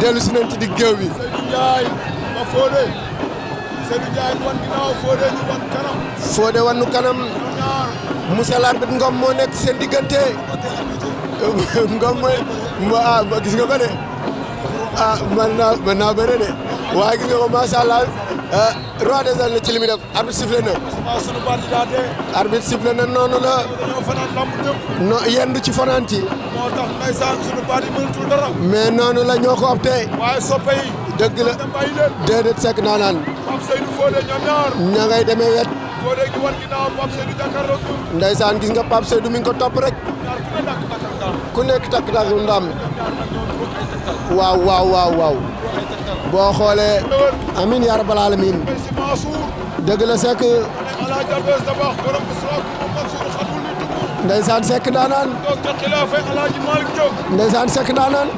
dellu si nañ ci digg géew bi. Seydou Ndiaye ma kanam. Fodé wan Ngom moo nekk seen diggante. Ngom mooy ah gis nga ko de ah man naa man naa bëre de waaye gis nga Euh, roi des arènes ci li muy def arbitre noonu la. yendu ci fanaan ci. moo noonu la ñoo ko opté. waaye soppe la déedéet sekk naa naan. wet. Fodé gi war nga Pape Seydou mi ngi ko topp rek. ku nekk takk takk ndam. waaw waaw waaw. boo xoolee amin yaa rabbal alamin dëgg la sekk ndeysaan sekk daanaan ndeysaan sekk daanaan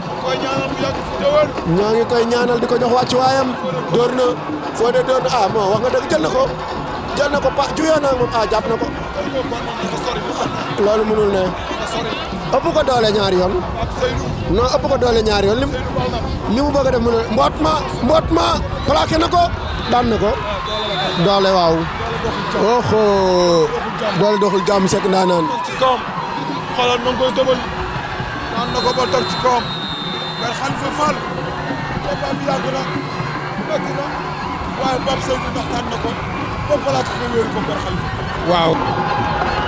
ñoo ngi koy ñaanal di ko jox wàccu waayam dóor na de dóor na moo ah, wax nga dëgg jël na ko jël na ko pa juyoo moom ah jàpp na ko loolu mënul ne ëpp ko doole ñaari yoon non ëpp ko doole ñaari yoon li mu bëgg def mu ne mboot ma mboot na ko daan na ko doole waaw oxo doole doxul jàmm sekk ndaa naan xoolal ci kawam gar xan fa fall waaw